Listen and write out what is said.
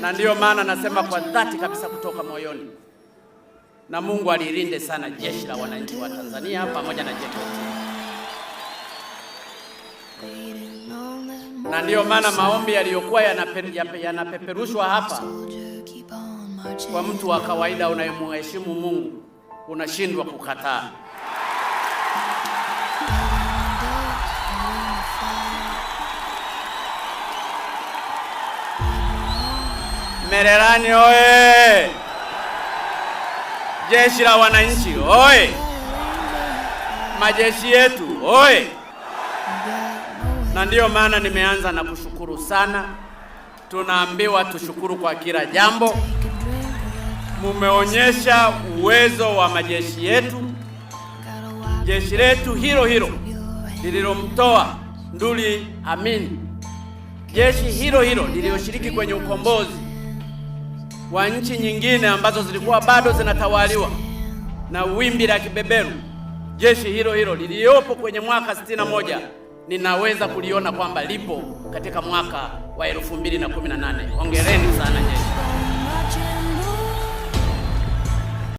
na ndiyo maana nasema kwa dhati kabisa kutoka moyoni, na Mungu alilinde sana jeshi la wananchi wa Tanzania pamoja na JKT. Na ndiyo maana maombi yaliyokuwa yanapeperushwa hapa kwa mtu wa kawaida unayemheshimu Mungu unashindwa kukataa. Mererani oye! Jeshi la wananchi oye! Majeshi yetu oye! Na ndiyo maana nimeanza na kushukuru sana. Tunaambiwa tushukuru kwa kila jambo. Mumeonyesha uwezo wa majeshi yetu. Jeshi letu hilo hilo lililomtoa Nduli Amin, jeshi hilo hilo lililoshiriki kwenye ukombozi wa nchi nyingine ambazo zilikuwa bado zinatawaliwa na wimbi la kibeberu, jeshi hilo hilo liliyopo kwenye mwaka sitini na moja ninaweza kuliona kwamba lipo katika mwaka wa elfu mbili na kumi na nane. Hongereni sana jeshi.